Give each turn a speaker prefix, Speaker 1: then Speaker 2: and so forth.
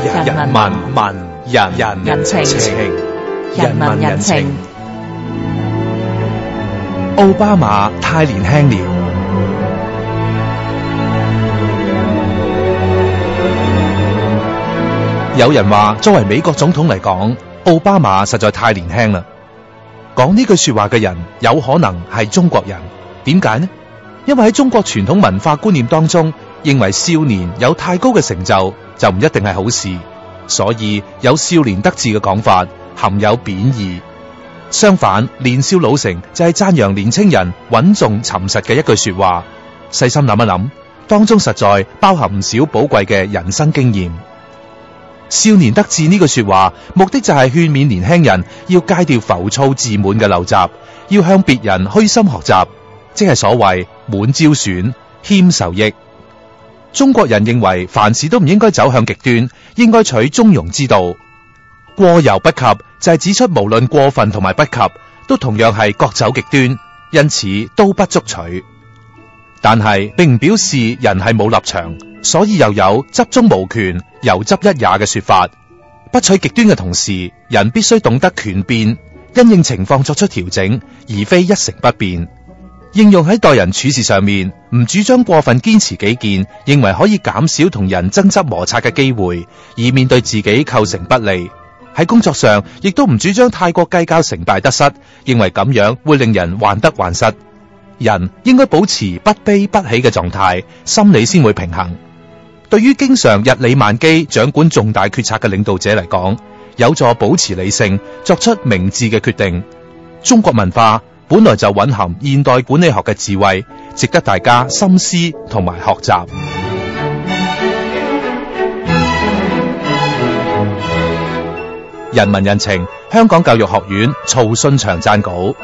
Speaker 1: 人民人民人人情情，人民人情。奧巴馬太年輕了。有人話，作為美國總統嚟講，奧巴馬實在太年輕啦。講呢句說話嘅人有可能係中國人，點解呢？因為喺中國傳統文化觀念當中。認為少年有太高嘅成就就唔一定係好事，所以有少年得志嘅講法，含有貶義。相反，年少老成就係讚揚年青人穩重沉實嘅一句說話。細心諗一諗，當中實在包含唔少寶貴嘅人生經驗。少年得志呢句說話，目的就係勸勉年輕人要戒掉浮躁自滿嘅陋習，要向別人虛心學習，即係所謂滿招損，謙受益。中國人認為凡事都唔應該走向極端，應該取中庸之道。過猶不及就係指出無論過分同埋不及，都同樣係各走極端，因此都不足取。但係並唔表示人係冇立場，所以又有執中無權，由執一也嘅說法。不取極端嘅同時，人必須懂得權變，因應情況作出調整，而非一成不變。應用喺待人處事上面，唔主張過分堅持己見，認為可以減少同人爭執摩擦嘅機會，以免對自己構成不利。喺工作上亦都唔主張太過計較成敗得失，認為咁樣會令人患得患失。人應該保持不悲不喜嘅狀態，心理先會平衡。對於經常日理萬機、掌管重大決策嘅領導者嚟講，有助保持理性，作出明智嘅決定。中國文化，本來就蘊含現代管理學嘅智慧，值得大家深思同埋學習。人民人情，香港教育學院曹信祥撰稿。